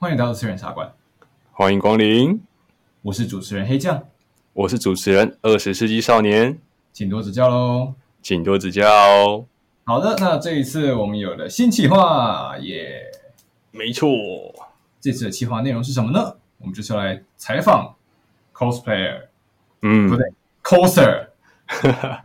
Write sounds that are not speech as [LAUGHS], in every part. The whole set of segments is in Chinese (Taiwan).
歡迎來到次元茶館，歡迎光臨。我是主持人黑醬，我是主持人二十世紀少年，請多指教嘍，請多指教。好的，那這一次我們有了新企劃耶，yeah，沒錯。這次的企劃內容是什麼呢？我們就是要來採訪 cosplayer，嗯，不對，coser， [LAUGHS]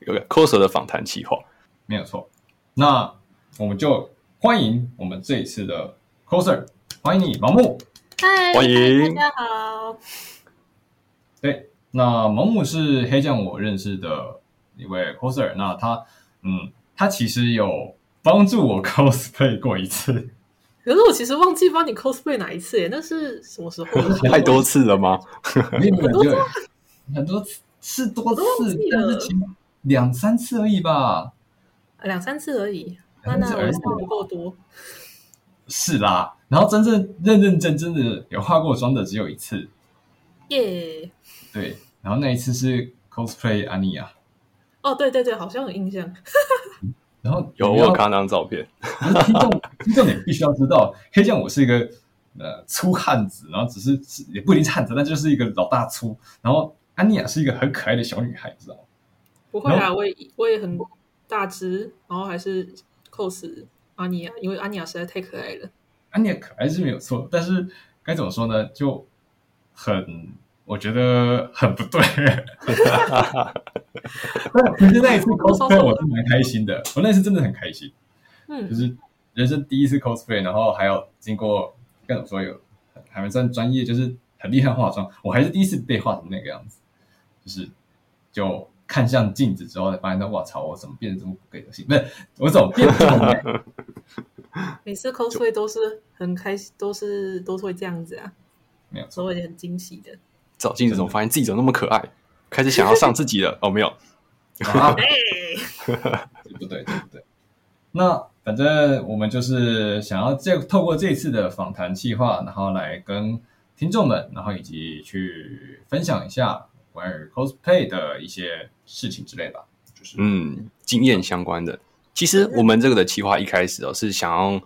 有個 coser 的訪談企劃，沒有錯。那我們就歡迎我們這一次的 coser。歡迎你，毛木。嗨，歡迎大家好。對，那毛木是黑醬我認識的一位 coser，那他，嗯，他其實有幫助我 cosplay 過一次。可是我其實忘記幫你 cosplay 哪一次耶？那是什麼時候？ [LAUGHS] 太多次了嗎？很多次，很多次是多次，忘了，但是起碼兩三次而已吧。兩三次而已，那那我次數不夠多。是啦，然後真正認認真真的有化過妝的只有一次，耶、yeah.，對，然後那一次是 cosplay 安妮亞，哦，對對對，好像有印象。 [LAUGHS] 然後有，我看那張照片。聽 [LAUGHS] 眾，聽眾，你必須要知道， [LAUGHS] 黑醬，我是一個呃粗漢子，然後只是也不一定是漢子，但就是一個老大粗。然後安妮亞是一個很可愛的小女孩，知道嗎？不會啊，我也我也很大只，然後還是 cos。阿尼亞，因為阿尼亞實在太可愛了。阿尼亞可愛是沒有錯，嗯，但是該怎麼說呢？就很，我覺得很不對。哈。平時那一次 cosplay 我是蠻開心的，說說的我那是真的很開心。嗯，就是人生第一次 cosplay，然後還有經過該怎麼說有還沒算專業，就是很厲害化妝，我還是第一次被化成那個樣子，就是就。看向鏡子之後才發現，那哇操，我怎麼變得這麼給德性？不是我怎麼變呢？ [LAUGHS] [LAUGHS] 每次 COS 都是很開心，都是都是會這樣子啊，沒有，所以我也很驚喜的。照鏡子怎麼發現自己怎麼那麼可愛？ [LAUGHS] 開始想要上自己了 [LAUGHS] 哦，沒有， [LAUGHS] 啊欸、 [LAUGHS] [LAUGHS] 對不對，不對，不對。那反正我們就是想要這透過這次的訪談計劃，然後來跟聽眾們，然後以及去分享一下。關於 cosplay 的一些事情之類的，就是嗯，經驗相關的。其實我們這個的企劃一開始哦，是想要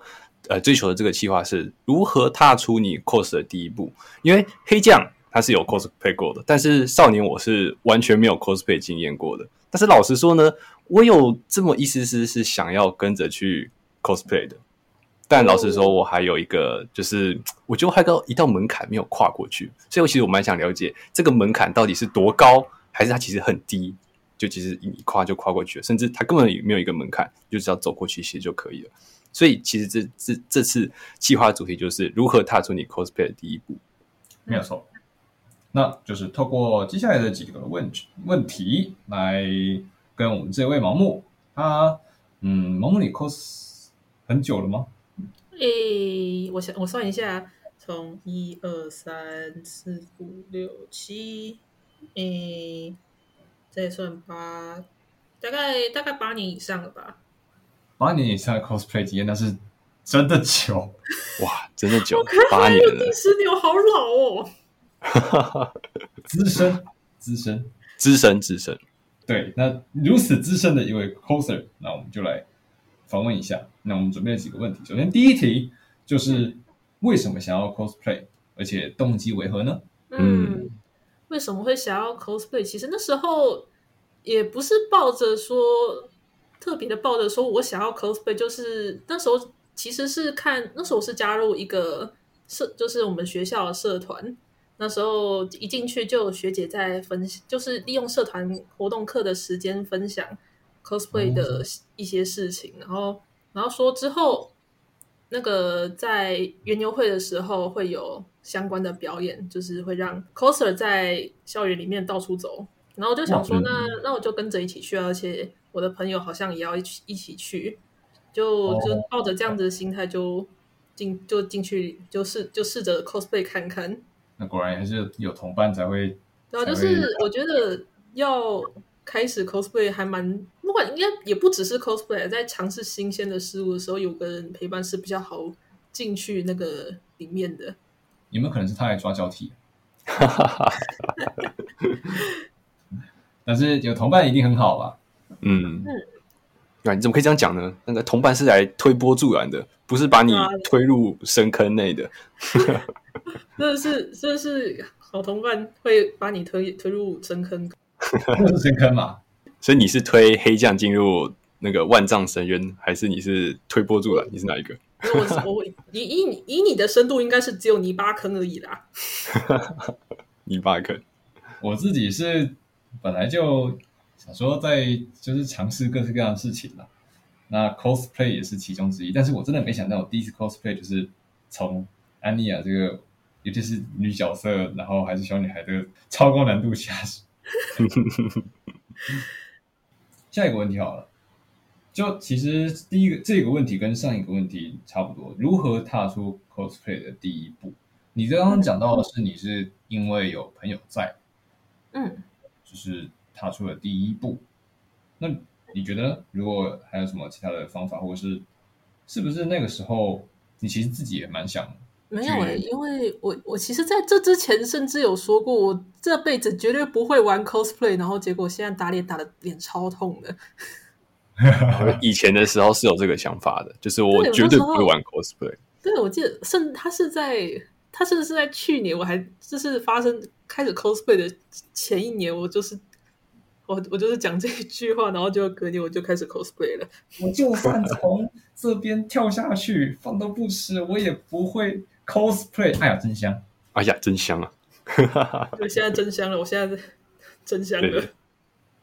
呃追求的這個計劃是如何踏出你 cos 的第一步。因為黑醬他是有 cosplay 過的，但是少年我是完全沒有 cosplay 經驗過的。但是老實說呢，我有這麼一絲絲是想要跟着去 cosplay 的。但老實說，我還有一個，就是我覺得還到一道門檻沒有跨過去，所以我其實我蠻想了解這個門檻到底是多高，還是它其實很低，就其實一跨就跨過去了，甚至它根本沒有一個門檻，就只要走過去其實就可以了。所以其實這這這次計劃主題就是如何踏出你 cosplay 的第一步。沒有錯，那就是透過接下來的幾個問問題來跟我們這位毛木，他、啊、嗯，毛木你 cos 很久了嗎？誒、欸，我想我算一下，從一二三四五六七，誒，再算八，大概大概八年以上了吧。八年以上的 cosplay 經驗，那是真的久，哇，真的久，八年了。第十年，我好老哦。哈哈哈，資深，資深，資深，資深。對，那如此資深的一位 coser，那我們就來。訪問一下，那我們準備了幾個問題。首先，第一題就是為什麼想要 cosplay，嗯、而且動機為何呢？嗯，為什麼會想要 cosplay？其實那時候也不是抱着說特別的抱着說我想要 cosplay，就是那時候其實是看那時候是加入一個社，就是我們學校的社團。那時候一進去就有學姐在分享，就是利用社團活動課的時間分享。cosplay 的一些事情，哦、然後然後說之後那個在園遊會的時候會有相關的表演，就是會讓 coser 在校園裡面到處走。然後我就想說那，那那我就跟着一起去，而且我的朋友好像也要一起一起去，就、哦、就抱着這樣子的心態就、就進就進去，就試就試着 cosplay 看看。那果然還是有同伴才會。然後、對啊、就是我覺得要開始 cosplay 還蠻。不管，應該也不只是 cosplay，在嘗試新鮮的事物的時候，有個人陪伴是比較好進去那個裡面的。有沒有可能是他來抓交替，哈哈哈。但是有同伴一定很好吧？嗯，對、嗯啊、你怎麼可以這樣講呢？那個同伴是來推波助瀾的，不是把你推入深坑內的。 [LAUGHS] [LAUGHS] 這是這是好同伴會把你推推入深坑， [LAUGHS] 深坑嘛？所以你是推黑將進入那個萬丈深淵，還是你是推波助瀾？你是哪一個？我 [LAUGHS] 我以以你以你的深度，應該是只有泥巴坑而已啦。泥巴坑，我自己是本來就想說，在就是嘗試各式各樣的事情嘛，那 cosplay 也是其中之一。但是我真的沒想到，我第一次 cosplay 就是從安妮亞這個尤其、就是女角色，然後還是小女孩的超高難度下手。 [LAUGHS] [LAUGHS] 下一個問題好了，就其實第一個這個問題跟上一個問題差不多，如何踏出 cosplay 的第一步？你剛剛講到的是你是因為有朋友在，嗯，就是踏出了第一步。那你覺得如果還有什麼其他的方法，或者是是不是那個時候你其實自己也蠻想？沒有誒、欸，因為我我其實在這之前甚至有說過，我這輩子絕對不會玩 cosplay，然後結果現在打臉打的臉超痛的。 [LAUGHS] 以前的時候是有這個想法的，就是我絕對不會玩 cosplay。對，我，對我記得，甚，他是在他甚至是在去年，我還就是發生開始 cosplay 的前一年，我就是我我就是講這一句話，然後就隔年我就開始 cosplay 了。我就算從這邊跳下去，飯都不吃，我也不會。cosplay，哎呀，真香！哎呀，真香啊！對， [LAUGHS] 現在真香了，我現在真香了。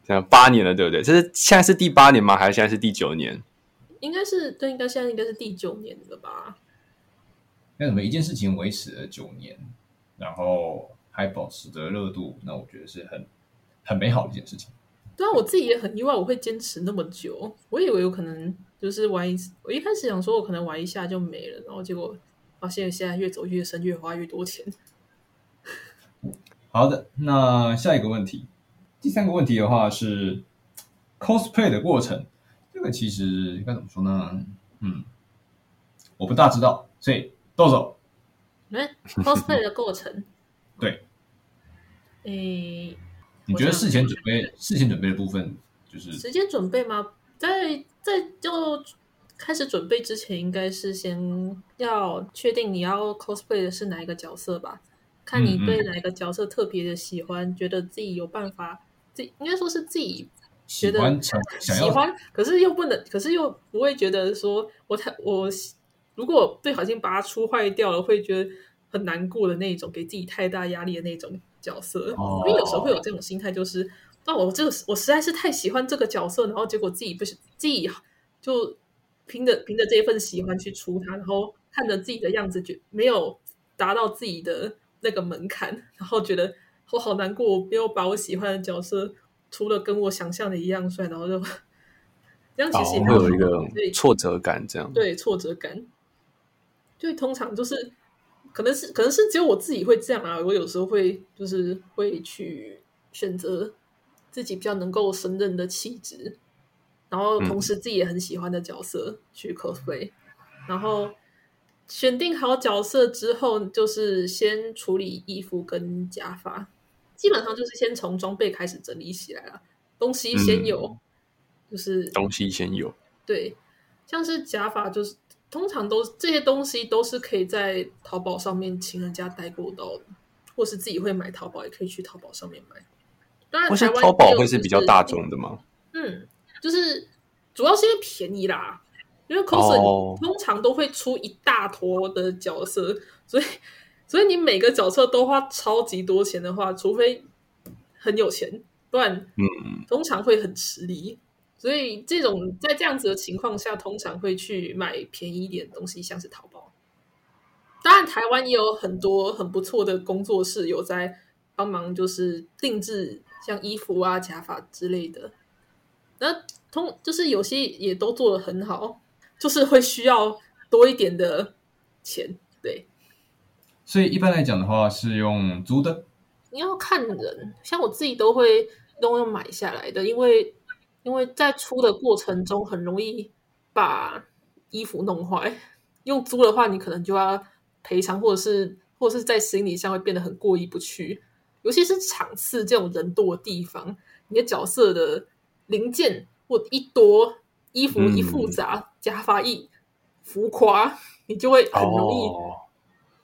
這樣八年了，對不對？這是現在是第八年嗎？還是現在是第九年？應該是，對，應該現在應該是第九年的吧。那每一件事情維持了九年，然後還保持著熱度，那我覺得是很很美好的一件事情。對啊，我自己也很意外，我會堅持那麼久。我以為有可能就是玩一次，我一開始想說我可能玩一下就沒了，然後結果。發、啊、現在越走越深，越花越多錢。好的，那下一個問題，第三個問題的話是 cosplay 的過程。這個其實應該怎麼說呢？嗯，我不大知道。所以豆豆、嗯、 [LAUGHS] ，cosplay 的過程，對誒，你覺得事前準備、事前準備的部分，就是時間準備嗎？在在就。開始準備之前，應該是先要確定你要 cosplay 的是哪一個角色吧？看你對哪一個角色特別的喜歡、嗯，覺得自己有辦法，這、嗯、應該說是自己覺得喜歡，喜歡可，可是又不能，可是又不會覺得說，我太我如果對，好像把它出壞掉了，會覺得很難過的那種，給自己太大壓力的那種角色。哦、因為有時候會有這種心態，就是那我這個我實在是太喜歡這個角色，然後結果自己不是自己就。憑着憑着這份喜歡去出他，然後看着自己的樣子，覺沒有達到自己的那個門檻，然後覺得我好難過，我沒有把我喜歡的角色除了跟我想象的一樣帥，然後就這樣，其實也會有一個挫折感，這樣，挫這樣對，對挫折感，就通常就是可能是可能是只有我自己會這樣啊，我有時候會就是會去選擇自己比較能夠勝任的氣質。然後同時自己也很喜歡的角色去 cosplay，然後選定好角色之後，就是先處理衣服跟假髮，基本上就是先從裝備開始整理起來了。東西先有，嗯、就是東西先有。對，像是假髮，就是通常都這些東西都是可以在淘寶上面請人家代購到的，或是自己會買。淘寶也可以去淘寶上面買。當然、就是，我想淘寶會是比較大衆的嗎？嗯，就是。主要是因為便宜啦，因為 cos 通常都會出一大坨的角色，oh. 所以所以你每個角色都花超級多錢的話，除非很有錢，不然，mm. 通常會很吃力。所以這種在這樣子的情況下，通常會去買便宜一點的東西，像是淘寶。當然，台灣也有很多很不錯的工作室，有在幫忙就是定制，像衣服啊、假髮之類的，那。通就是有些也都做的很好，就是會需要多一點的錢，對。所以一般來講的話是用租的。你要看人，像我自己都會都會買下來的，因為因為在出的過程中很容易把衣服弄壞。用租的話，你可能就要賠償，或者是或者是在心理上會變得很過意不去。尤其是場次這種人多的地方，你的角色的零件。我一多衣服一複雜、嗯，假髮一浮誇，你就會很容易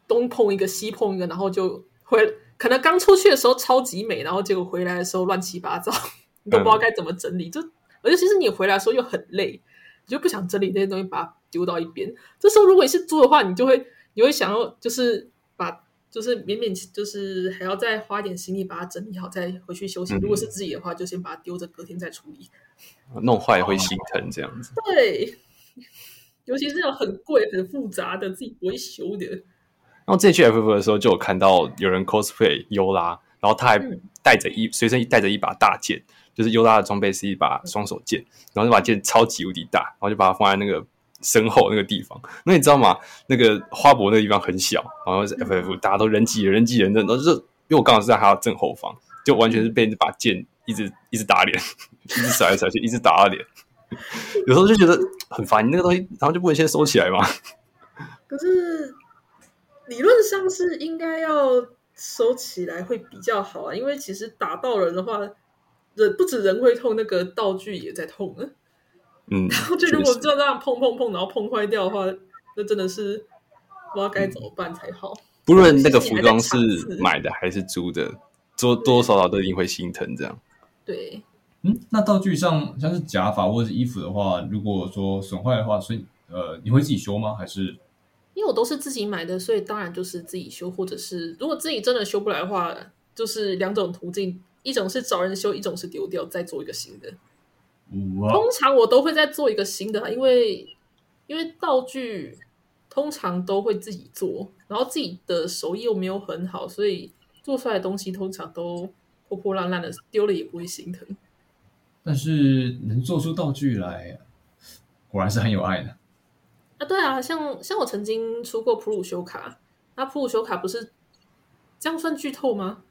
東碰一個、哦、西碰一個，然後就回。可能剛出去的時候超級美，然後結果回來的時候亂七八糟，你都不知道該怎麼整理。嗯、就而且其實你回來的時候又很累，你就不想整理這些東西，把它丟到一邊。這時候如果你是租的話，你就會你會想要就是把就是勉勉強就是還要再花一點心力把它整理好，再回去休息、嗯。如果是自己的話，就先把它丟着，隔天再處理。弄壞也會心疼這樣子、哦，對，尤其是那種很貴、很複雜的自己不會修的。然後之前去 F F 的時候，就有看到有人 cosplay 尤拉，然後他還帶着一、嗯、隨身帶着一把大劍，就是尤拉的裝備是一把雙手劍、嗯，然後那把劍超級無敵大，然後就把它放在那個身後那個地方。那你知道嗎？那個花博那個地方很小，然後是 F F，大家都人擠人擠人的、嗯，然後就是因為我剛好是在他的正後方，就完全是被那把劍一直一直打臉。 [LAUGHS] 一直甩來甩去，一直打臉， [LAUGHS] 有時候就覺得很煩。你那個東西，然後就不能先收起來嗎？可是理論上是應該要收起來會比較好啊，因為其實打到人的話，人不止人會痛，那個道具也在痛啊。嗯，然 [LAUGHS] 後就如果就這樣碰碰碰，然後碰壞掉的話，那真的是不知道該怎麼辦才好。嗯、不論那個服裝是買的還是租的，多多少少都一定會心疼這樣。對。嗯，那道具上像,像是假髮或者是衣服的話，如果說損壞的話，所以呃，你會自己修嗎？還是因為我都是自己買的，所以當然就是自己修，或者是如果自己真的修不來的話，就是兩種途徑：一種是找人修，一種是丟掉再做一個新的。哇、wow。通常我都會再做一個新的，因為因為道具通常都會自己做，然後自己的手藝又沒有很好，所以做出來的東西通常都破破爛爛的，丟了也不會心疼。但是能做出道具來，果然是很有愛的啊！對啊，像像我曾經出過普魯修卡，那普魯修卡不是這樣算劇透嗎？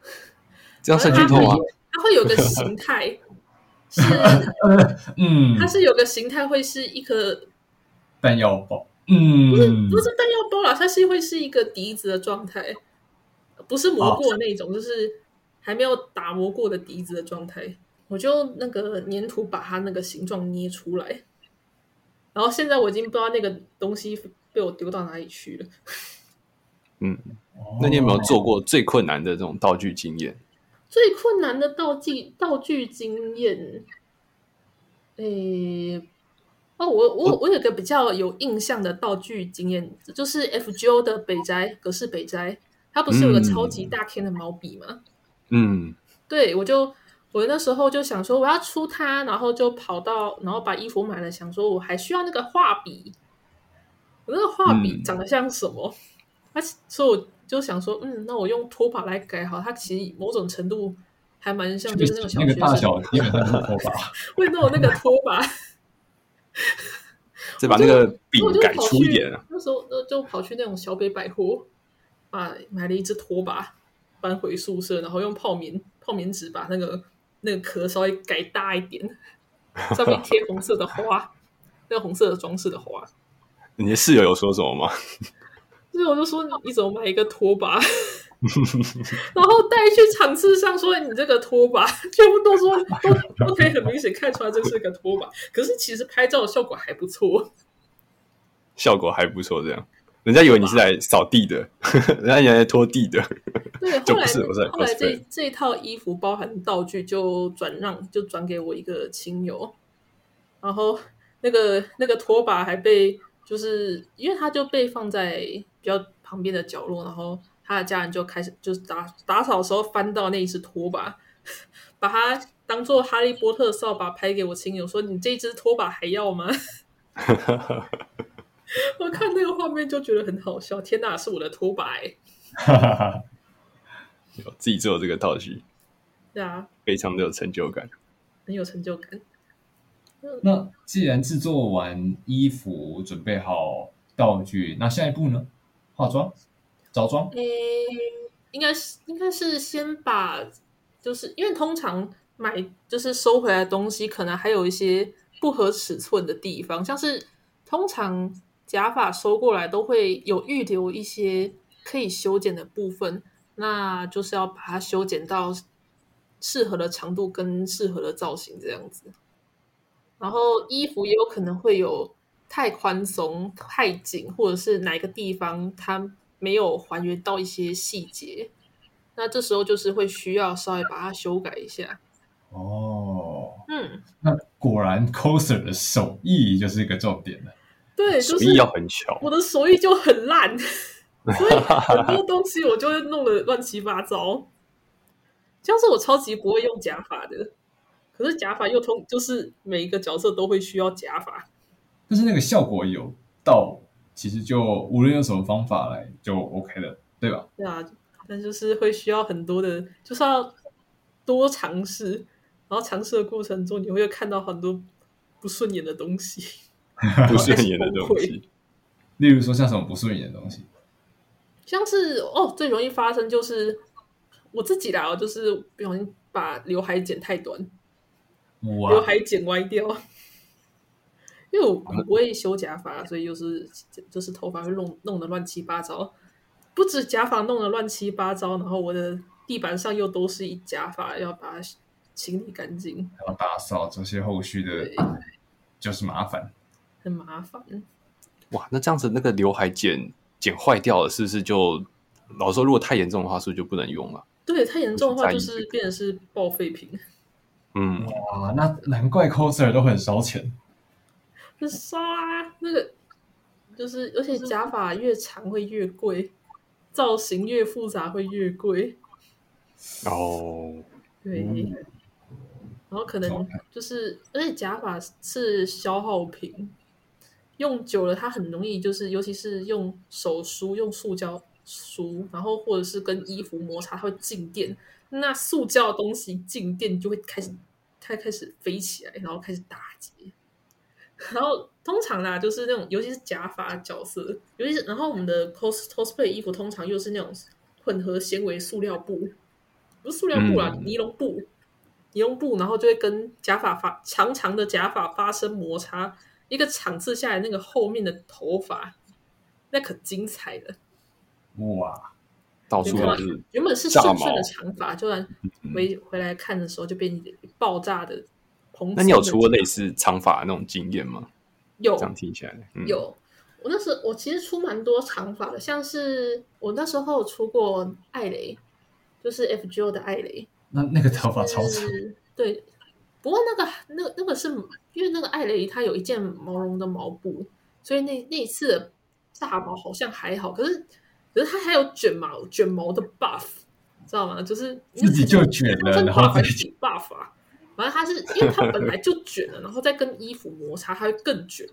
這樣算劇透嗎？它會，它會有個形態， [LAUGHS] 就是 [LAUGHS] 嗯，它是有個形態會是一顆彈藥包，哦，嗯，嗯，不是不是彈藥包啦，它是會是一個笛子的狀態，不是磨過那種，哦，就是還沒有打磨過的笛子的狀態。我就那個粘土把它那個形狀捏出來，然後現在我已經不知道那個東西被我丟到哪裡去了。嗯，那你有沒有做過最困難的這種道具經驗？哦、最困難的道具道具經驗，誒，哦，我我我有一個比較有印象的道具經驗，就是 FGO 的北齋葛飾北齋，它不是有個超級大天的毛筆嗎？嗯，嗯，對，我就。我那時候就想說我要出他，然後就跑到，然後把衣服買了，想說我還需要那個畫筆。我那個畫筆長得像什麼？嗯啊、所以我就想說，嗯，那我用拖把來改好。它其實某種程度還蠻像，就是那個小學生那個大小一樣的拖把。會 [LAUGHS] 弄那，那個拖把， [LAUGHS] 就再把那個筆改粗一點。那時候那就跑去那種小北百貨，啊，買了一只拖把，搬回宿舍，然後用泡棉、泡棉紙把那個。那個殼稍微改大一點，上面貼紅色的花， [LAUGHS] 那個紅色的裝飾的花。你的室友有說什麼嗎？室友就說你，怎麼買一個拖把， [LAUGHS] 然後帶去場次上說你這個拖把，全部都說都可以、okay, 很明顯看出來這是個拖把。可是其實拍照效果還不錯，效果還不錯，這樣。人家以為你是來掃地的， [LAUGHS] 人家以為你來拖地的。對，後來 [LAUGHS] 不是後來這這套衣服包含道具就轉讓，就轉給我一個親友。然後那個那個拖把還被，就是因為他就被放在比較旁邊的角落，然後他的家人就開始就是打打掃的時候翻到那一只拖把，把它當做哈利波特掃把拍給我親友說：“你這一只拖把還要嗎？” [LAUGHS] [LAUGHS] 我看那個畫面就覺得很好笑。天哪，是我的拖把、欸， [LAUGHS] 有自己做的這個道具，對啊，非常的有成就感，很有成就感。嗯、那既然制作完衣服，準備好道具，那下一步呢？化妝？着裝？嗯、欸，應該是應該是先把，就是因為通常買就是收回來的東西，可能還有一些不合尺寸的地方，像是通常。假髮收過來都會有預留一些可以修剪的部分，那就是要把它修剪到適合的長度跟適合的造型這樣子。然後衣服也有可能會有太寬鬆、太緊，或者是哪個地方它沒有還原到一些細節，那這時候就是會需要稍微把它修改一下。哦，嗯，那果然 coser 的手藝就是一個重點了。對，手藝要很巧。我的手藝就很爛， [LAUGHS] 所以很多東西我就會弄得亂七八糟。像是我超級不會用假髮的，可是假髮又通，就是每一個角色都會需要假髮。但是那個效果有到，其實就無論用什麼方法來就 OK 了，對吧？對啊，但就是會需要很多的，就是要多嘗試，然後嘗試的過程中你會看到很多不順眼的東西。不順眼的東西， [LAUGHS] 崩 [LAUGHS] 例如說像什麼不順眼的東西？像是哦，最容易發生就是我自己啦哦，就是不小心把劉海剪太短，劉海剪歪掉， [LAUGHS] 因為我不會修假髮、嗯，所以就是就是頭髮會弄弄得亂七八糟。不止假髮弄得亂七八糟，然後我的地板上又都是假髮，要把它清理乾淨，還要打掃這些後續的，嗯、就是麻煩。很麻煩，哇！那這樣子，那個劉海剪剪壞掉了，是不是就老實說如果太嚴重的話，是不是就不能用了啊？對，太嚴重的話就是變成是報廢品。嗯，哇！那難怪 coser 都很燒錢。燒啊！那個就是，而且假髮越長會越貴，造型越複雜會越貴。哦，對、嗯，然後可能就是，而且假髮是消耗品。用久了，它很容易就是，尤其是用手梳，用塑膠梳，然後或者是跟衣服摩擦，它會靜電。那塑膠東西靜電就會開始，它開始飛起來，然後開始打結。然後通常啦，就是那種，尤其是假髮角色，尤其是然後我們的 cos cosplay 衣服通常又是那種混合纖維塑料布，不是塑料布啦，嗯、尼龍布，尼龍布，然後就會跟假髮髮長長的假髮發生摩擦。一個場次下來，那個後面的頭髮，那可精彩了！哇，到處都是。原本，原本是順順的長髮，就然回，嗯、回來看的時候，就變爆炸的，的。那你有出過類似長髮那種經驗嗎？有，這樣聽起來、嗯、有。我那時候我其實出蠻多長髮的，像是我那時候出過艾雷，就是 FGO 的艾雷。那那個頭髮超長，就是，對。不過那個、那個、那個是因為那個艾雷它有一件毛絨的毛布，所以那那一次炸毛好像還好。可是可是它還有卷毛卷毛的 buff，知道嗎？就是自己，自己就卷了，然後自己 buff 啊。反正它是因為它本來就卷了， [LAUGHS] 然後再跟衣服摩擦，它會更卷，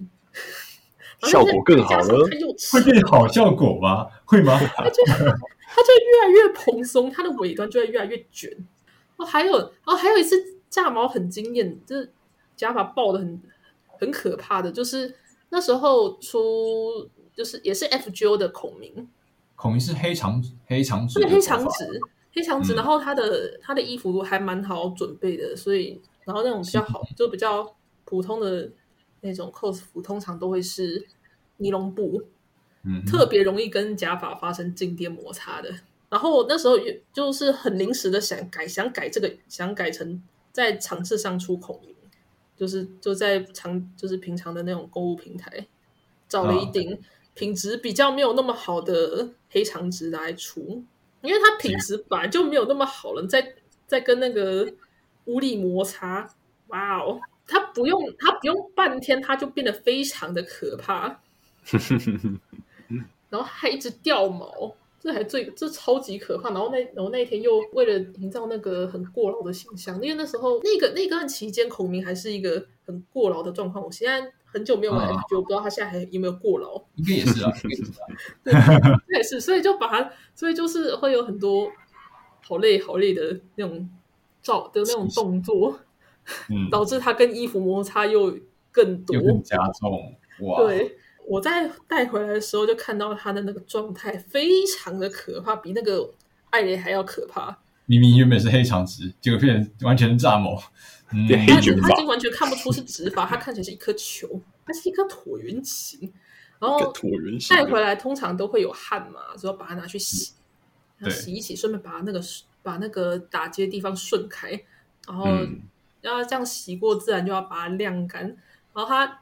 效果更好了。它又會變好效果嗎？會嗎？它就它就越來越蓬鬆，它 [LAUGHS] 的尾端就會越來越卷。哦，還有哦，還有一次。炸毛很驚豔，就是假髮爆得很很可怕的，就是那時候出就是也是 FGO 的孔明，孔明是黑長黑長、這個、黑長直，黑長直黑長直，然後他的他的衣服還蠻好準備的，所以然後那種比較好就比較普通的那種 cos 服通常都會是尼龍布，嗯、特別容易跟假髮發生靜電摩擦的。然後我那時候就是很臨時的想改想改這個想改成。在場次上出孔明，就是就在常，就是平常的那種購物平台，找了一頂品質比較沒有那麼好的黑長直來出，因為它品質本來就沒有那麼好了，再再跟那個無力摩擦，哇哦，它不用它不用半天，它就變得非常的可怕， [LAUGHS] 然後還一直掉毛。這還最，這超級可怕，然後那，然後那一天又為了營造那個很過勞的形象，因為那時候那個那段、個、期間孔明還是一個很過勞的狀況。我現在很久沒有來，啊、就覺得我不知道他現在還有沒有過勞，應、啊、該也是啊，也是，啊對 [LAUGHS] 也是，所以就把他，所以就是會有很多好累好累的那種照的那種動作、嗯，導致他跟衣服摩擦又更多，又更加重，哇！對我在帶回來的時候就看到它的那個狀態非常的可怕，比那個艾雷還要可怕。明明原本是黑長直，結果變成完全炸毛，變、嗯、黑捲髮。它已經完全看不出是直髮，它看起來是一顆球，它 [LAUGHS] 是一顆橢圓形。然後帶回來通常都會有汗嘛，所以把它拿去洗，嗯、然後洗一洗，順便把那個把那個打結的地方順開。然後要這樣洗過，嗯、自然就要把它晾乾。然後它。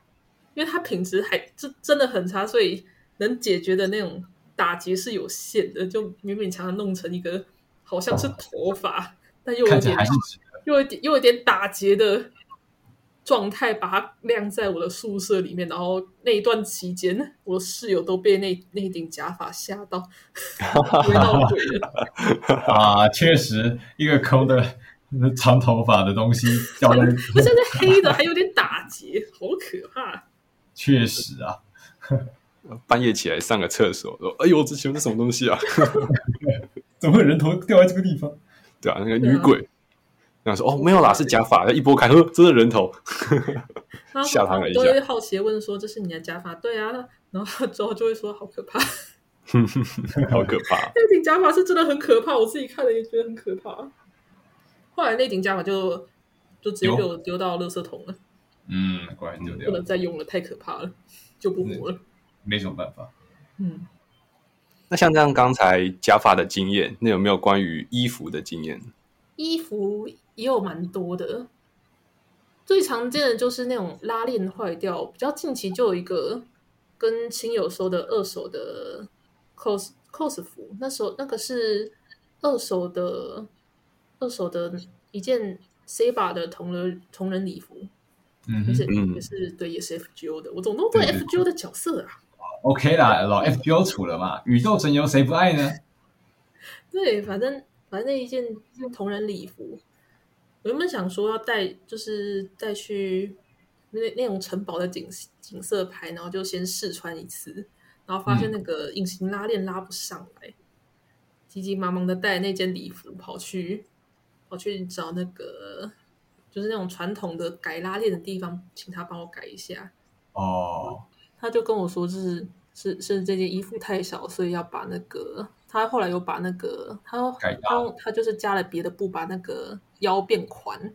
因為它品質還真真的很差，所以能解決的那種打結是有限的，就勉勉強強弄成一個好像是頭髮，啊、但又有點又有點又有點打結的狀態，把它晾在我的宿舍裡面。然後那一段期間，我室友都被那那頂假髮嚇到， [LAUGHS] 會鬧鬼的，啊！確實，一個空的長頭髮的東西掉在，我現在黑的還有點打結，好可怕。確實啊， [LAUGHS] 半夜起來上個廁所，說：“哎呦，這前面是什麼東西啊？ [LAUGHS] [LAUGHS] 怎麼會有人頭掉在這個地方？”對啊，那個女鬼，然後、啊那個、說：“哦，沒有啦，是假髮。”一撥開，說：“這是人頭。 [LAUGHS] ”嚇他了一下，都會好奇問：“說這是你的假髮？”對啊，然後他之後就會說：“好可怕！” [LAUGHS] [LAUGHS] 好可怕！ [LAUGHS] [LAUGHS] 那頂假髮是真的很可怕，我自己看了也覺得很可怕。後來那頂假髮就就直接被我丟到垃圾桶了。嗯，果然丟掉，不能再用了，太可怕了，就不活了，沒什麼辦法。嗯，那像這樣剛才假髮的經驗，那有沒有關於衣服的經驗？衣服也有蠻多的，最常見的就是那種拉鏈壞掉。比較近期就有一個跟親友收的二手的 cos cos 服，那時候那個是二手的，二手的一件 Saber 的同人同人禮服。嗯，也是，也、嗯、是，對，也是 FGO 的。我總弄錯 FGO 的角色啊。OK 啦，老 FGO 處了嘛，宇宙神遊誰不愛呢？對，反正反正那一件同人禮服，我原本想說要帶，就是帶去那那種城堡的景景色拍，然後就先試穿一次，然後發現那個隱形拉鏈拉不上來，嗯、急急忙忙的帶那件禮服跑去跑去找那個。就是那種傳統的改拉鏈的地方，請他幫我改一下。哦、oh.，他就跟我說是，是是是這件衣服太小，所以要把那個他後來又把那個他改他他就是加了別的布，把那個腰變寬，uh-huh.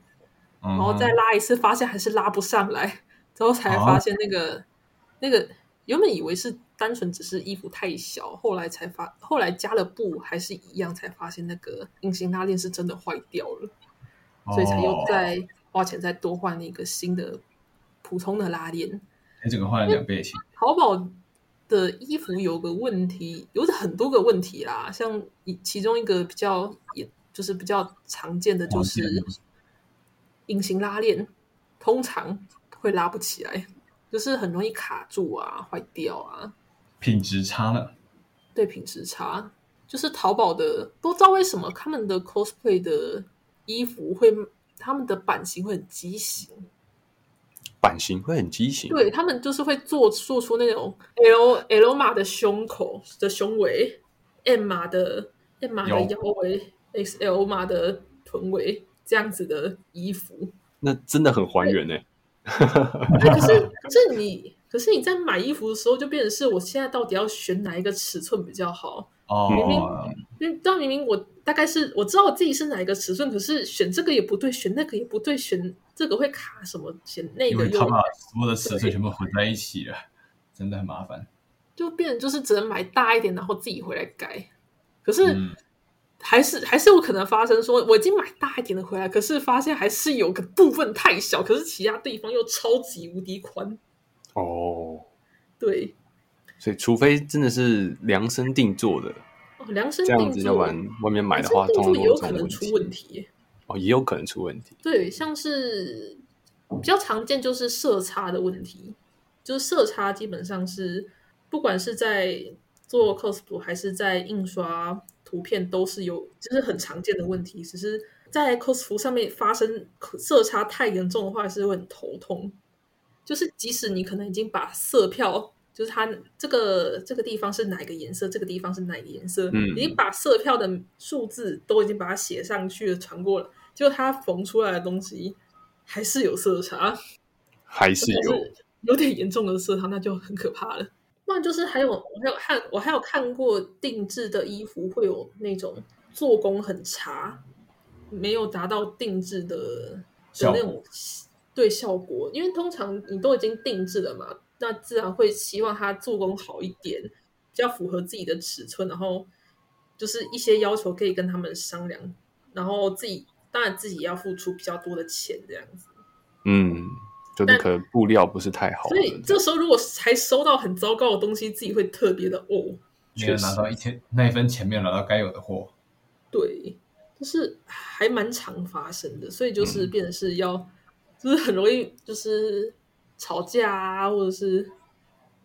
然後再拉一次，發現還是拉不上來，之後才發現那個、oh. 那個原本以為是單純只是衣服太小，後來才發後來加了布還是一樣，才發現那個隱形拉鏈是真的壞掉了。所以才又再花錢再多換了一個新的普通的拉鏈。你整個換了兩倍。淘寶的衣服有個問題，有很多個問題啦，像一其中一個比較，也就是比較常見的就是隱形拉鏈，通常會拉不起來，就是很容易卡住啊，壞掉啊，品質差了。對，品質差，就是淘寶的不知道為什麼他們的 cosplay 的。衣服會，他們的版型會很畸形，版型會很畸形。對，他們就是會做做出那種 L L 碼的胸口的胸圍，M 碼的 M 碼的腰圍，XL 碼的臀圍這樣子的衣服。那真的很還原哎、欸 [LAUGHS] 啊。可是可是你可是你在買衣服的時候就變成是我現在到底要選哪一個尺寸比較好？哦、oh.，明明當明明我。大概是我知道我自己是哪一個尺寸，可是選這個也不對，選那個也不對，選這個會卡什麼，選那個又因為他把所有的尺寸全部混在一起了，真的很麻煩。就變成就是只能買大一點，然後自己回來改。可是還是、嗯、還是有可能發生，說我已經買大一點的回來，可是發現還是有個部分太小，可是其他地方又超級無敵寬。哦，對，所以除非真的是量身定做的。哦，量身定製。這樣在外面買的話，同樣也有可能出問題。哦，也有可能出問題。對，像是比較常見就是色差的問題，就是色差基本上是不管是在做 cos 圖還是在印刷圖片都是有，就是很常見的問題。只是在 cos 圖上面發生色差太嚴重的話，是會很頭痛。就是即使你可能已經把色票。就是它這個這個地方是哪個顏色，這個地方是哪個顏色？嗯，你把色票的數字都已經把它寫上去了，傳過了，就它縫出來的東西還是有色差，還是有是有點嚴重的色差，那就很可怕了。不然就是還有我還有看我還有看過定制的衣服會有那種做工很差，沒有達到定制的的那種對效果，因為通常你都已經定制了嘛。那自然會希望他做工好一點，比較符合自己的尺寸，然後就是一些要求可以跟他們商量，然後自己當然自己要付出比較多的錢，這樣子。嗯，就可能布料不是太好，所以這時候如果還收到很糟糕的東西，自己會特別的哦，確實沒有拿到一千那一分錢，面了，拿到該有的貨，對，就是還蠻常發生的，所以就是變成是要，嗯、就是很容易就是。吵架啊，或者是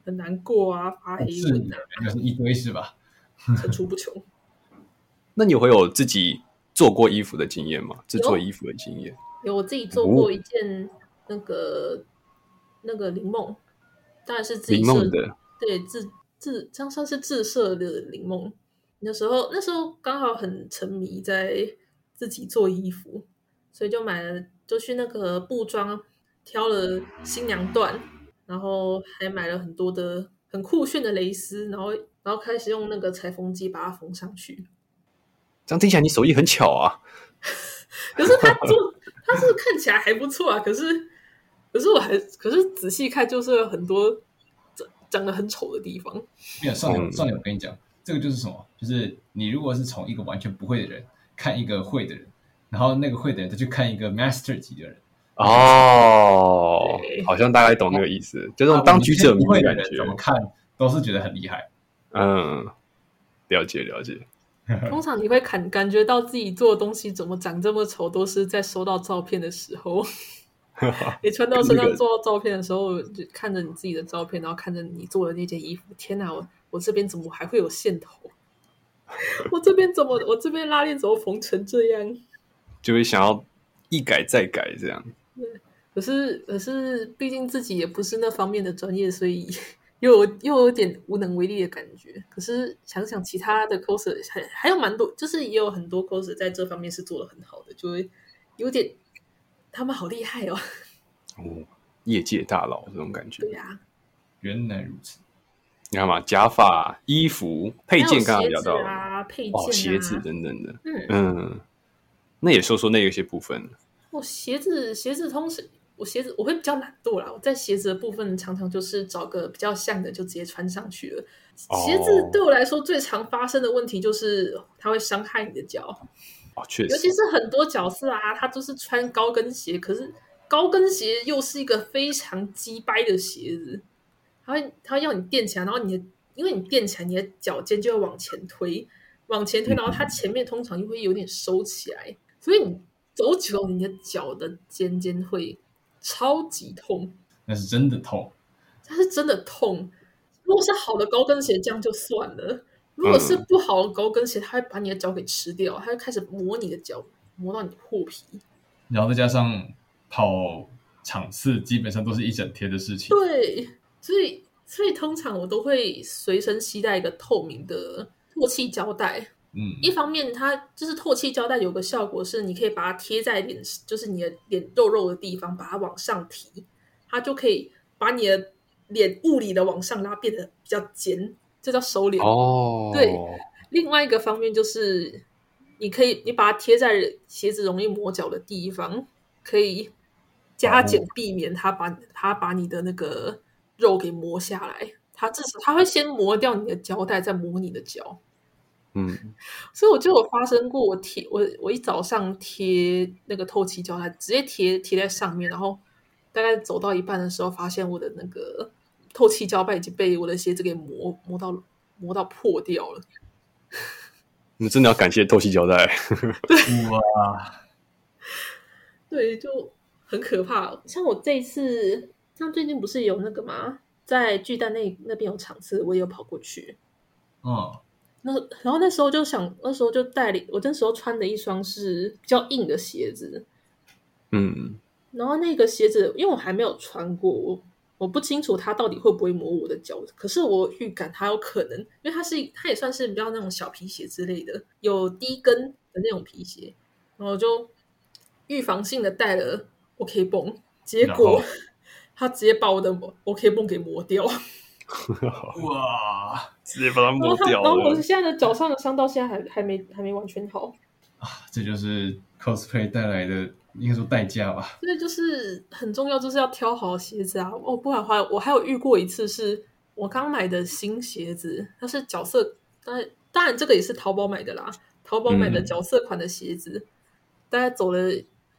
很難過啊，發黑、啊。是，那、就是一堆是吧？層出不窮。那你會有自己做過衣服的經驗嗎？製作衣服的經驗？有，我自己做過一件那個、哦、那個靈夢，當然是自己設的，對，自自這樣算是自設的靈夢。那時候那時候剛好很沉迷在自己做衣服，所以就買了，就去那個布莊挑了新娘緞，然後還買了很多的很酷炫的蕾絲，然後然後開始用那個裁縫機把它縫上去。張正強，你手藝很巧啊！ [LAUGHS] [LAUGHS] 可是他做，他是看起來還不錯啊。可是可是我還可是仔細看，就是有很多長，長得很醜的地方。沒有，算了算了，我跟你講，這個就是什麼？就是你如果是從一個完全不會的人看一個會的人，然後那個會的人再去看一個 master 級的人。哦，好像大概懂那個意思，啊、就這種當局者迷的感覺，啊、怎麼看都是覺得很厲害。嗯，了解了解。通常你會感感覺到自己做的東西怎麼長這麼醜，都是在收到照片的時候， [LAUGHS] [LAUGHS] 你穿到身上，做到照片的時候，就、那個、看着你自己的照片，然後看着你做的那件衣服，天哪，我我這邊怎麼還會有線頭？ [LAUGHS] [LAUGHS] 我這邊怎麼我這邊拉鏈怎麼縫成這樣？就會想要一改再改這樣。對，可是，可是，畢竟自己也不是那方面的專業，所以又有又有點無能為力的感覺。可是想想其他的 coser，還還有蠻多，就是也有很多 coser 在這方面是做的很好的，就是有點他們好厲害哦，哦，業界大佬這種感覺。對呀、啊，原來如此。你看嘛，假髮、衣服、配件，剛剛聊到啊，配件、啊哦、鞋子等等的。嗯嗯，那也說說那有些部分。鞋子鞋子通常我鞋子我會比較懶惰啦，我在鞋子的部分常常就是找個比較像的就直接穿上去了。Oh. 鞋子對我來說最常發生的問題就是它會傷害你的腳，oh、確實、尤其是很多角色啊，他都是穿高跟鞋，可是高跟鞋又是一個非常雞掰的鞋子，它會它要你墊起來，然後你的因為你墊起來，你的腳尖就會往前推，往前推，然後它前面通常就會有點收起來，嗯、所以你。走久，你的腳的尖尖會超級痛。那是真的痛。那是真的痛。如果是好的高跟鞋，這樣就算了。如果是不好的高跟鞋，嗯，它會把你的腳給吃掉，它會開始磨你的腳，磨到你破皮。然後再加上跑場次，基本上都是一整天的事情。對，所以所以通常我都會隨身攜帶一個透明的透氣膠帶。嗯，一方面它就是透氣膠帶有個效果是，你可以把它貼在臉，就是你的臉肉肉的地方，把它往上提，它就可以把你的臉物理的往上拉，變得比較尖，這叫收臉。哦。對，另外一個方面就是，你可以你把它貼在鞋子容易磨腳的地方，可以加減避免它把、哦、它把你的那個肉給磨下來，它至少它會先磨掉你的膠帶，再磨你的腳。嗯，所以我就有發生過我貼，我貼我我一早上貼那個透氣膠帶，直接貼貼在上面，然後大概走到一半的時候，發現我的那個透氣膠帶已經被我的鞋子給磨磨到磨到破掉了。你真的要感謝透氣膠帶？對啊，對，就很可怕。像我這一次，像最近不是有那個嗎？在巨蛋那那邊有場次，我也有跑過去。嗯、哦。那然後那時候就想，那時候就帶了。我那時候穿的一雙是比較硬的鞋子，嗯，然後那個鞋子因為我還沒有穿過，我不清楚它到底會不會磨我的腳，可是我預感它有可能，因為它是它也算是比較那種小皮鞋之類的，有低跟的那種皮鞋，然後就預防性的帶了 OK 繃，結果它直接把我的 OK 繃給磨掉。 [LAUGHS] 哇！直接把它抹掉。然後，然後我現在的腳上的傷到現在還還沒還沒完全好啊！這就是 cosplay 帶來的，應該說代價吧。這就是很重要，就是要挑好鞋子啊！哦，不然的話，我還有遇過一次，是我剛買的新鞋子，它是角色，但當，當然這個也是淘寶買的啦。淘寶買的角色款的鞋子，嗯、大概走了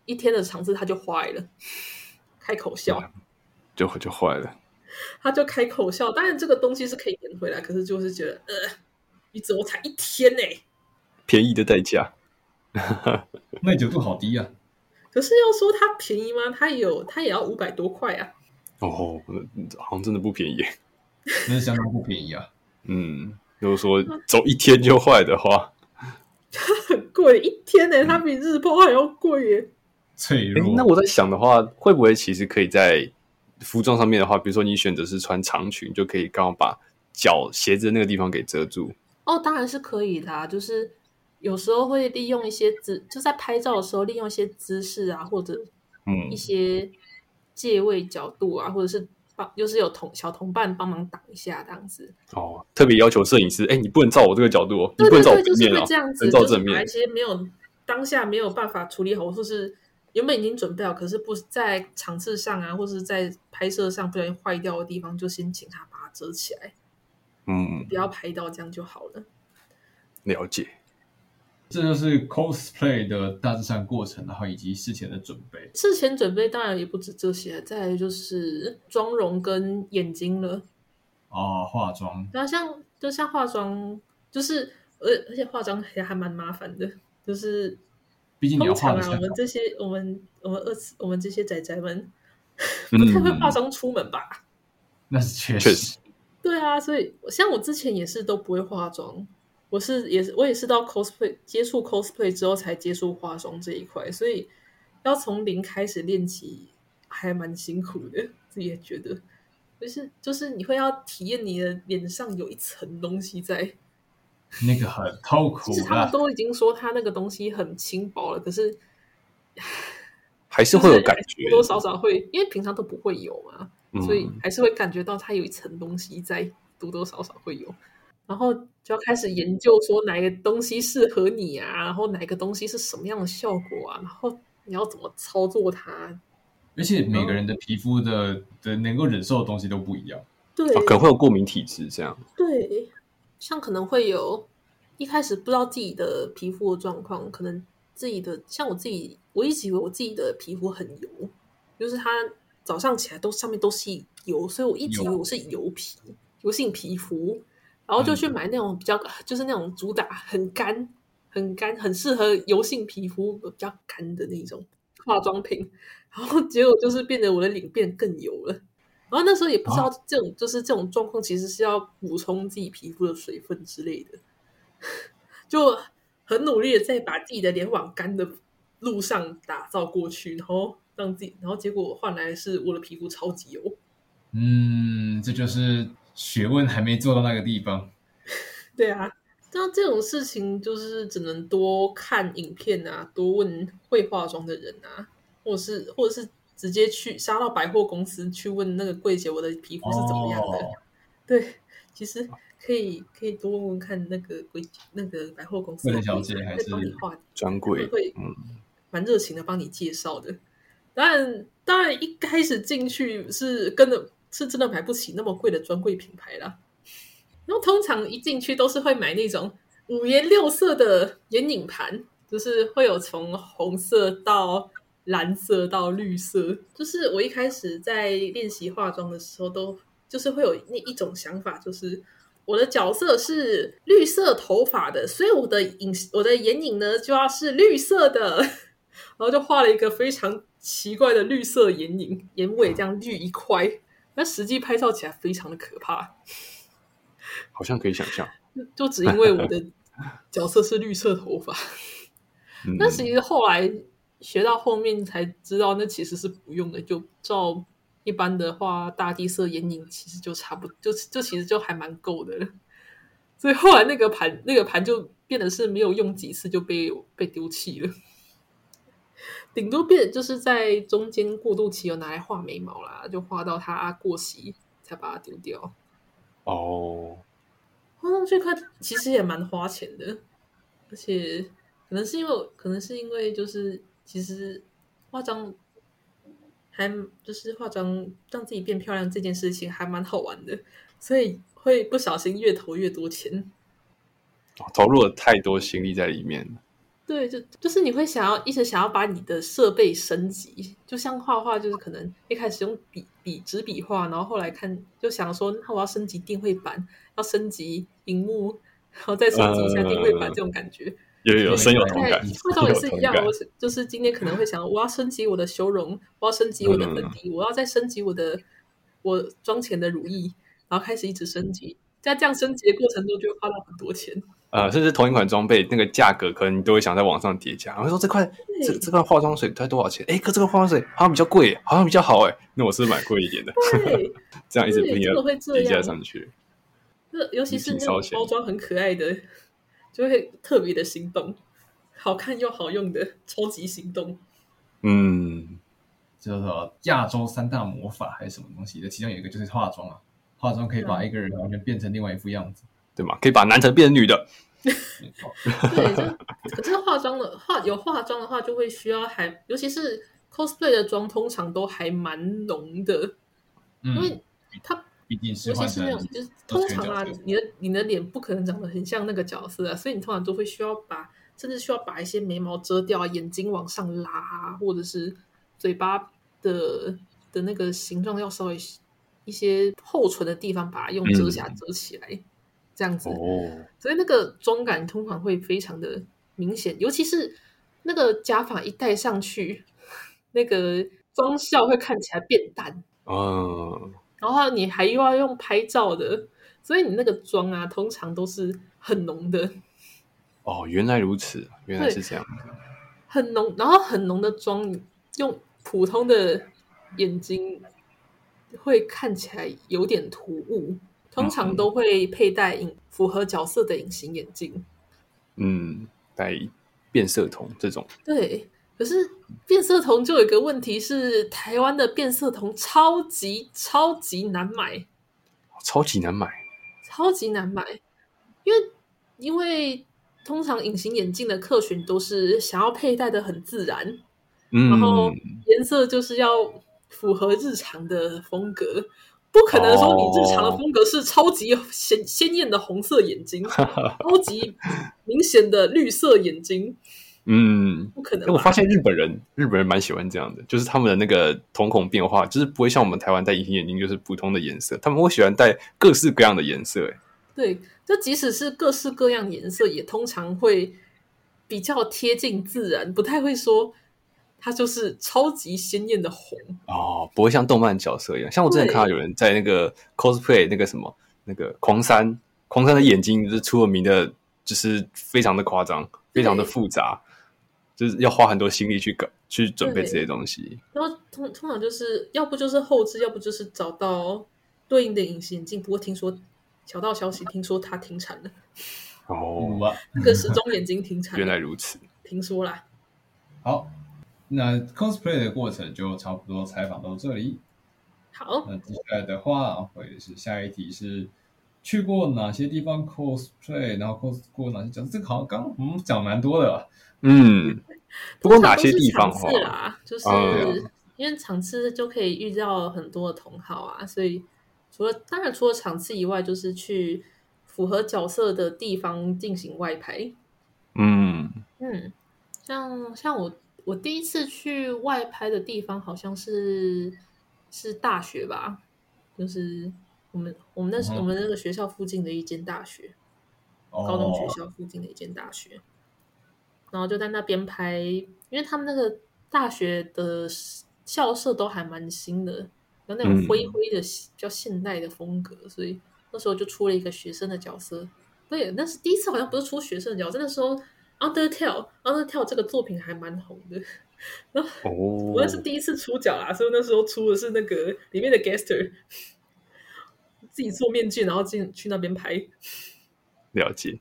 一天的場次，它就壞了。開口笑，就就壞了。他就開口笑，當然這個東西是可以撿回來，可是就是覺得呃，你走才一天呢？欸，便宜的代價，耐 [LAUGHS] 久度好低啊。可是要說它便宜嗎？它有它也要五百多塊啊。哦，好像真的不便宜，真的相當不便宜啊。 [LAUGHS] 嗯，就是說走一天就壞的話， [LAUGHS] 它很貴一天呢？欸，它比日拋還要貴耶。脆弱，欸。那我在想的話，會不會其實可以在。服裝上面的話，比如說你選擇是穿長裙，就可以剛好把腳鞋子那個地方給遮住。哦，當然是可以啦、啊。就是有時候會利用一些姿，就在拍照的時候利用一些姿勢啊，或者嗯一些借位角度啊，嗯、或者是幫，就是有同小同伴幫忙擋一下這樣子。哦，特別要求攝影師，哎、欸，你不能照我這個角度，對對對，你不能照正面了、啊，只、就是、能照正面。其、就、實、是、沒有當下沒有辦法處理好，就是。原本已經準備好，可是不在場次上啊，或者在拍攝上不小心壞掉的地方，就先請他把它遮起來。嗯，不要拍到，這樣就好了。了解，這就是 cosplay 的大致上過程，然後以及事前的準備。事前準備當然也不止這些，再來就是妝容跟眼睛了。哦，化妝。然後，啊，像就像化妝，就是而而且化妝還還蠻麻煩的，就是。畢竟你要通常啊，我們這些我們我們二次我們這些宅宅們、嗯、 [LAUGHS] 不太會化妝出門吧？那是確實。對啊，所以像我之前也是都不會化妝，我是也是我也是到 cosplay 接觸 cosplay 之後才接觸化妝這一塊，所以要從零開始練起還蠻辛苦的，自己也覺得，就是就是你會要體驗你的臉上有一層東西在。那個很痛苦啊。其實他們都已經說他那個東西很輕薄了，可是還是會有感覺，多多少少會，因為平常都不會有嘛，嗯、所以還是會感覺到它有一層東西在，多多少少會有。然後就要開始研究說哪個東西適合你啊，然後哪個東西是什麼樣的效果啊，然後你要怎麼操作它。而且每個人的皮膚的的能夠忍受的東西都不一樣，對，哦、可能會有過敏體質這樣。對。像可能會有，一開始不知道自己的皮膚的狀況，可能自己的像我自己，我一直以為我自己的皮膚很油，就是它早上起來都上面都是油，所以我一直以為我是油皮、油，油性皮膚，然後就去買那種比較就是那種主打很乾、很乾、很適合油性皮膚比較乾的那種化妝品，然後結果就是變得我的臉變更油了。然後那時候也不知道這種就是這種狀況，其實是要補充自己皮膚的水分之類的，就很努力的在把自己的臉往乾的路上打造過去，然後讓自己，然後結果換來是我的皮膚超級油。嗯，這就是學問還沒做到那個地方。對啊，像這種事情就是只能多看影片啊，多問會化妝的人啊，或者是或者是。直接去殺到百貨公司去問那個櫃姐，我的皮膚是怎麼樣的、oh.？對，其實可以可以多問問看那個櫃那個百貨公司櫃小姐還是專櫃會嗯蠻熱情的幫你介紹的、嗯。當然當然一開始進去是跟着是真的買不起那麼貴的專櫃品牌啦。然後通常一進去都是會買那種五顏六色的眼影盤，就是會有從紅色到。藍色到綠色，就是我一開始在練習化妝的時候，都就是會有那一種想法，就是我的角色是綠色頭髮的，所以我的影我的眼影呢就要是綠色的，然後就畫了一個非常奇怪的綠色眼影，眼尾這樣綠一塊、嗯，那實際拍照起來非常的可怕，好像可以想象，就只因為我的角色是綠色頭髮，但、嗯、其 [LAUGHS] 實際後來。學到後面才知道，那其實是不用的。就照一般的話，大地色眼影其實就差不，就就其實就還蠻夠的。所以後來那個盤，那個盤就變得是沒有用幾次就被被丟棄了。頂多變就是在中間過渡期有拿來畫眉毛啦，就畫到它過期才把它丟掉。哦，畫上去看其實也蠻花錢的，而且可能是因為可能是因為就是。其實化妝還就是化妝讓自己變漂亮這件事情還蠻好玩的，所以會不小心越投越多錢，哦、投入了太多心力在裡面。對，就就是你會想要一直想要把你的設備升級，就像畫畫，就是可能一開始用筆筆紙筆畫，然後後來看就想說，那我要升級電繪板，要升級熒幕，然後再升級一下電繪板、嗯，這種感覺。有有深有同感，化妝也是一樣。我就是今天可能會想，我要升級我的修容，我要升級我的粉底，嗯嗯嗯，我要再升級我的我妝前的乳液，然後開始一直升級。在這樣升級的過程中，就會花到很多錢，嗯。呃，甚至同一款裝備，那個價格可能你都會想在網上疊加。嗯、然後說這塊這這塊化妝水它多少錢？哎、欸，可這個化妝水好像比較貴，好像比較好哎，那我是，是買貴一點的， [LAUGHS] 這樣一直會疊加上去。是尤其是那種包裝很可愛的。就會特別的心動，好看又好用的超級心動。嗯，叫、就、做、是啊、亞洲三大魔法還是什麼東西的？其中有一個就是化妝啊，化妝可以把一個人完全變成另外一副樣子，啊、對嗎？可以把男的變成女的。可、 [LAUGHS] 就是，可是化妝的化有化妝的話，就會需要還，尤其是 cosplay 的妝，通常都還蠻濃的，嗯，因為它。嗯畢竟是，尤其是那種就是通常啊，你的你的臉不可能長得很像那個角色啊，所以你通常都會需要把，甚至需要把一些眉毛遮掉、啊，眼睛往上拉、啊，或者是嘴巴的的那個形狀要稍微一些厚唇的地方，把它用遮瑕遮起來、嗯，這樣子，所以那個妝感通常會非常的明顯，尤其是那個假髮一戴上去，那個妝效會看起來變淡哦。嗯然後你還又要用拍照的，所以你那個妝啊，通常都是很濃的。哦，原來如此，原來是這樣。很濃，然後很濃的妝，用普通的眼睛會看起來有點突兀。通常都會佩戴隱、嗯、符合角色的隱形眼鏡。嗯，戴變色瞳這種。對。可是變色瞳就有一個問題是，台灣的變色瞳超級超級難買，超級難買，超級難買，因為因為通常隱形眼鏡的客群都是想要佩戴的很自然，嗯，然後顏色就是要符合日常的風格，不可能說你日常的風格是超級鮮鮮豔的紅色眼睛，哦， [LAUGHS] 超級明顯的綠色眼睛。嗯，不可能。我發現日本人，日本人蠻喜歡這樣的，就是他們的那個瞳孔變化，就是不會像我們台灣戴隱形眼鏡就是普通的顏色，他們會喜歡戴各式各樣的顏色。對，就即使是各式各樣的顏色，也通常會比較貼近自然，不太會說它就是超級鮮豔的紅。哦，不會像動漫角色一樣。像我之前看到有人在那個 cosplay 那個什麼那個狂三，狂三的眼睛就是出了名的，就是非常的誇張，非常的複雜。就是要花很多心力去搞、去準備這些東西。然後通通常就是要不就是後置，要不就是找到對應的隱形眼鏡。不過聽說小道消息，聽說它停產了。哦，那個時鐘眼睛停產，原來如此。聽說啦。好，那 cosplay 的過程就差不多採訪到這裡。好，那接下來的話，或是下一題是去過哪些地方 cosplay？然後 cos 過哪些角色？這好像剛剛我們講蠻多的了。嗯。不過哪些地方啦，啊啊，就是因為場次就可以遇到很多的同好啊。啊所以除了當然除了場次以外，就是去符合角色的地方進行外拍。嗯嗯，像像我我第一次去外拍的地方，好像是是大學吧，就是我們我們那時、嗯、我們那個學校附近的一間大學，哦、高中學校附近的一間大學。然後就在那邊拍，因為他們那個大學的校舍都還蠻新的，有那種灰灰的比較現代的風格、嗯，所以那時候就出了一個學生的角色。對，那是第一次，好像不是出學生的角色，那時候 Undertale，Undertale 這個作品還蠻紅的。哦，我也是第一次出角啦，所以那時候出的是那個裡面的 Gaster，自己做面具，然後進去那邊拍。了解。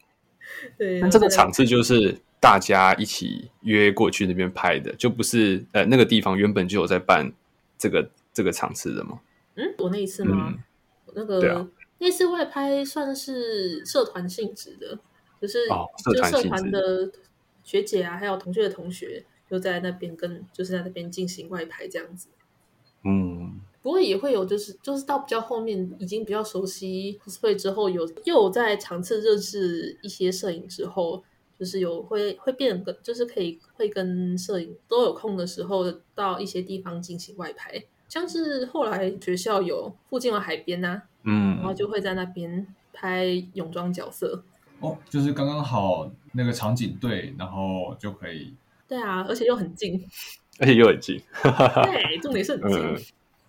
對，那這個場次就是。大家一起約過去那邊拍的，就不是呃那個地方原本就有在辦這個這個場次的嗎？嗯，我那一次嗎？嗯、那個、啊、那次外拍算是社團性質的，就是、哦、社團就社團的學姐啊，還有同學的同學就在那邊跟，就是在那邊進行外拍這樣子。嗯，不過也會有，就是就是到比較後面，已經比較熟悉 cosplay 之後，有又有在場次認識一些攝影之後。就是有會會變就是可以會跟攝影都有空的時候，到一些地方進行外拍，像是後來學校有附近的海邊吶、啊，嗯，然後就會在那邊拍泳裝角色。哦，就是剛剛好那個場景對，然後就可以。對啊，而且又很近，而且又很近， [LAUGHS] 對，重點是很近，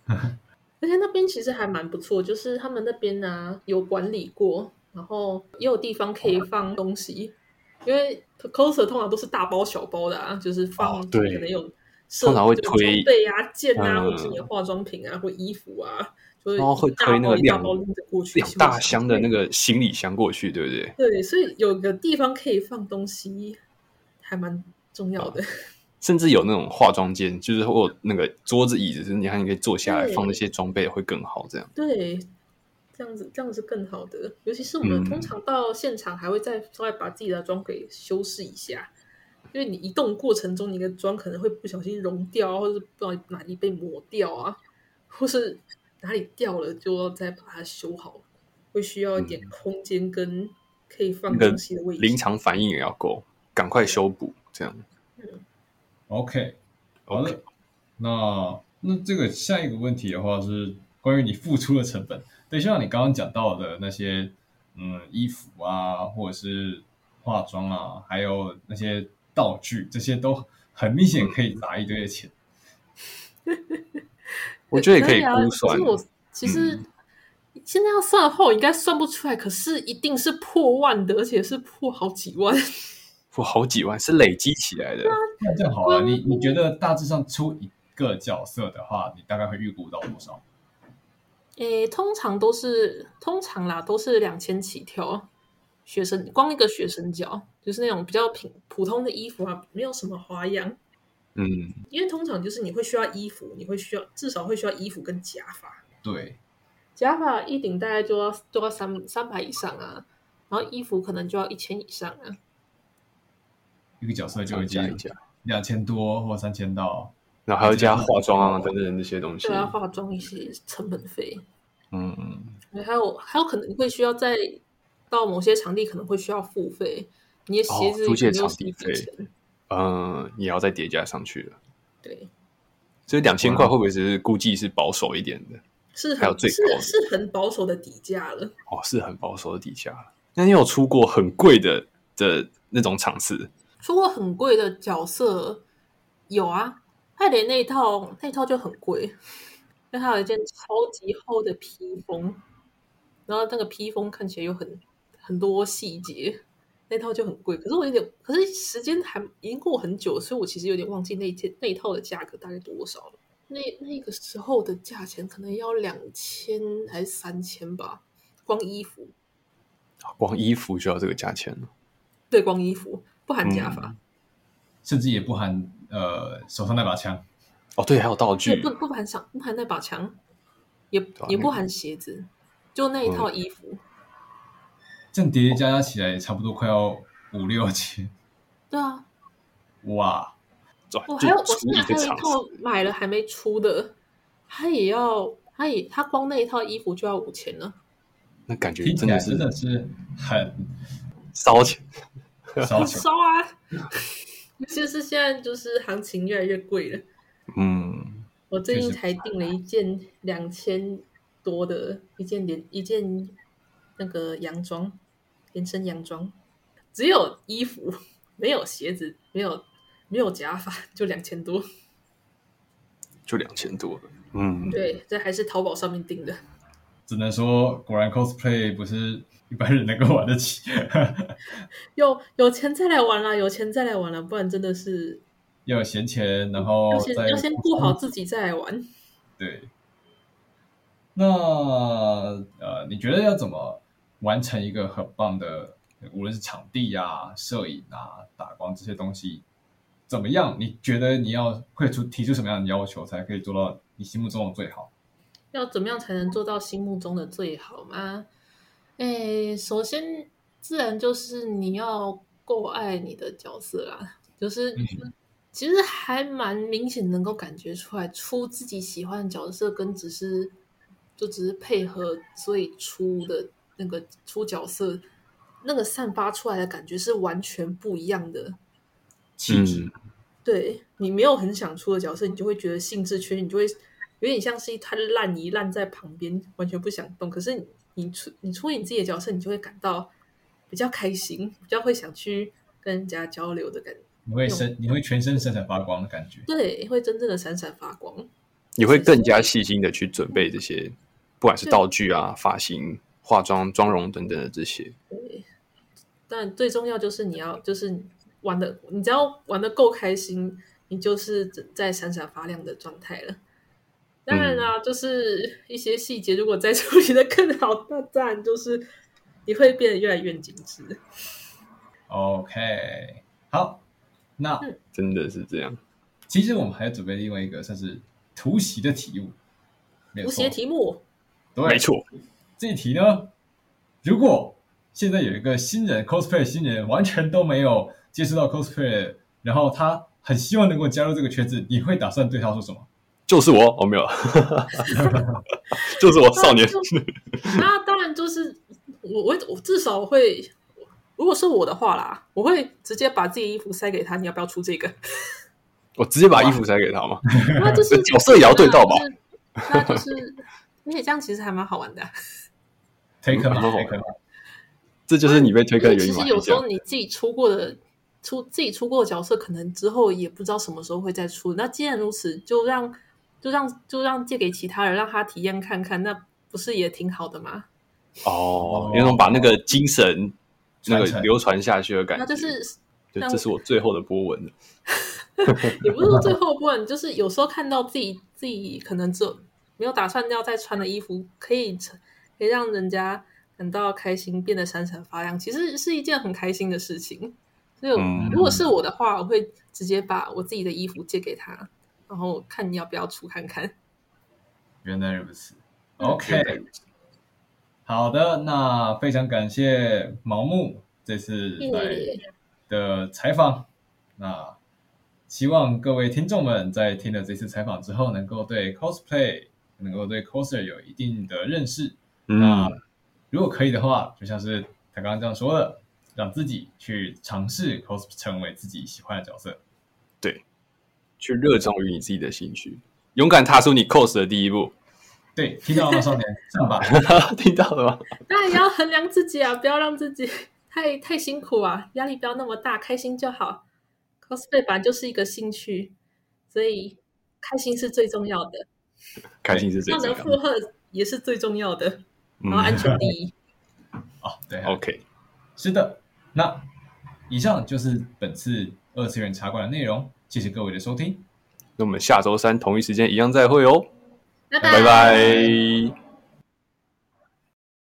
嗯、 [LAUGHS] 而且那邊其實還蠻不錯，就是他們那邊呢、啊、有管理過，然後也有地方可以放東西。哦因為 coser 通常都是大包小包的啊，就是放可能有設、哦對，通常會推備啊、件啊，或者化妝品啊、嗯、或，品啊或衣服啊，然後會推那個兩大包拎着過去，兩大箱的那個行李箱過去，對不對？對，所以有個地方可以放東西，還蠻重要的、嗯。甚至有那種化妝間，就是或那個桌子、椅子，就是你看，你可以坐下來放那些裝備會更好，這樣對。對這樣子，這樣子是更好的。尤其是我們通常到現場，還會再再把自己的妝給修飾一下、嗯，因為你移動過程中，你的妝可能會不小心融掉、啊，或者是不知道哪裡被抹掉啊，或是哪裡掉了，就要再把它修好，會需要一點空間跟可以放東西的位置。跟、嗯、臨、那個、場反應也要夠，趕快修補這樣。嗯，OK，好、okay. 的。那那這個下一個問題的話，是關於你付出的成本。對，像你剛剛講到的那些，嗯，衣服啊，或者是化妝啊，還有那些道具，這些都很明顯可以砸一堆的錢。嗯、我覺得也可以估算。啊、其實，我其實、嗯、現在要算的話，應該算不出來，可是一定是破萬的，而且是破好幾萬。破好幾萬是累積起來的。那這樣好啊，你你覺得大致上出一個角色的話，你大概會預估到多少？誒、欸，通常都是通常啦，都是兩千起跳。學生光一個學生角就是那種比較平普通的衣服啊，沒有什麼花樣。嗯，因為通常就是你會需要衣服，你會需要至少會需要衣服跟假髮。對，假髮一頂大概就要就要三三百以上啊，然後衣服可能就要一千以上啊。一個角色就會加一下，兩千多或三千多。然後還要加化妝啊等等這些東西對對，要化妝一些成本費，嗯嗯，還有還有可能會需要再到某些場地可能會需要付費，你的鞋子出借場地費，嗯，也要再疊加上去了。對，所以兩千塊會不會是估計是保守一點的？是，還有最是很是，是很保守的底價了。哦，是很保守的底價。那你有出過很貴的的那種場次？出過很貴的角色有啊。它連那一套那一套就很貴，因為它有一件超級厚的披風，然後那個披風看起來有很很多細節，那套就很貴。可是我有點，可是時間還已經過很久，所以我其實有點忘記那一件那一套的價格大概多少了。那那個時候的價錢可能要兩千還是三千吧，光衣服，光衣服就要這個價錢了。對，光衣服不含假髮、嗯，甚至也不含，呃，手上那把槍，哦，對，還有道具，不不含想，不含那把槍，也,、啊、也不含鞋子、那個，就那一套衣服，這、嗯、樣疊加加起來也差不多快要五六千，哦、對啊，哇，我、哦、還有，我現在還有一套買了還沒出的，嗯、他也要，他也他光那一套衣服就要五千了，那感覺真的是很燒錢，燒 [LAUGHS] 燒啊！ [LAUGHS] 就是現在，就是行情越來越貴了。嗯，我最近才訂了一件兩千多的，嗯就是，一件連一件那個洋裝，連身洋裝，只有衣服，沒有鞋子，沒有沒有假髮，就兩千多，就兩千多。嗯，對，這還是淘寶上面訂的。只能說，果然 cosplay 不是一般人能夠玩得起。 [LAUGHS] 有有錢再來玩啦，有錢再來玩啦，不然真的是要有閒錢，然後要先，要先顧好自己再來玩。對，那呃，你覺得要怎麼完成一個很棒的，無論是場地啊、攝影啊、打光這些東西，怎麼樣？你覺得你要會出提出什麼樣的要求，才可以做到你心目中的最好？要怎麼樣才能做到心目中的最好嗎？誒，首先自然就是你要夠愛你的角色啦。就是、嗯、其實還蠻明顯能夠感覺出來，出自己喜歡的角色跟只是就只是配合，最初的那個出角色那個散發出來的感覺是完全不一樣的氣質、嗯。對，你沒有很想出的角色，你就會覺得興致缺，你就會。有點像是一灘爛泥爛在旁邊，完全不想動。可是你，你出你出你自己的角色，你就會感到比較開心，比較會想去跟人家交流的感覺。你會身你會全身閃閃發光的感覺。對，會真正的閃閃發光。你會更加細心的去準備這些，嗯，不管是道具啊、髮型、化妝、妝容等等的這些。對。但最重要就是你要就是玩得，你只要玩得夠開心，你就是在閃閃發亮的狀態了。當然啦、啊，就是一些細節，如果再處理的更好，當然就是你會變得越來越精緻。OK，好，那真的是這樣。其實我們還要準備另外一個算是突襲的題目，沒有錯，突襲的題目對，沒錯。這一題呢，如果現在有一個新人、嗯、cosplay，新人完全都沒有接觸到 cosplay，然後他很希望能夠加入這個圈子，你會打算對他說什麼？就是我，我、哦、沒有了， [LAUGHS] 就是我少年。 [LAUGHS] 那，就是、那當然就是我，我至少會，如果是我的話啦，我會直接把自己衣服塞給他。你要不要出這個？我直接把衣服塞給他嗎？啊 [LAUGHS] 就是、 [LAUGHS] 那這、就是角色也要對到嘛？那就是你為這樣其實還蠻好玩的。推 e 很好，這就是你被推坑的原因。其實有時候你自己出過的出自己出過的角色，可能之後也不知道什麼時候會再出。 [LAUGHS] 那既然如此，就讓。就讓就讓借給其他人，讓他體驗看看，那不是也挺好的嗎？哦，有種把那個精神、oh. 那個流傳下去的感覺，那就是對，這是我最後的波紋。 [LAUGHS] 也不是說最後的波紋， [LAUGHS] 就是有時候看到自己自己可能就沒有打算要再穿的衣服，可以成可以讓人家感到開心，變得閃閃發亮，其實是一件很開心的事情。所以如果是我的話，嗯、我會直接把我自己的衣服借給他。然後看你要不要出看看。原來如此，OK。好的，那非常感謝毛木這次的採訪。嗯。那希望各位聽眾們在聽了這次採訪之後，能夠對 cosplay 能夠對 coser 有一定的認識。嗯。那如果可以的話，就像是他剛剛這樣說的，讓自己去嘗試 cos，成為自己喜歡的角色。對。去熱衷於你自己的興趣，勇敢踏出你 cos 的第一步。對，聽到了嗎，少年？這樣吧， [LAUGHS] 聽到了嗎？當然也要衡量自己啊，不要讓自己太太辛苦啊，壓力不要那麼大，開心就好。cosplay 本來就是一個興趣，所以開心是最重要的。開心是最重要的，負荷也是最重要的，嗯，然後安全第一。 [LAUGHS] 哦，對，OK，是的。那以上就是本次二次元茶館的內容。謝謝各位的收聽，那我們下周三同一時間一樣再會哦，拜拜。Bye bye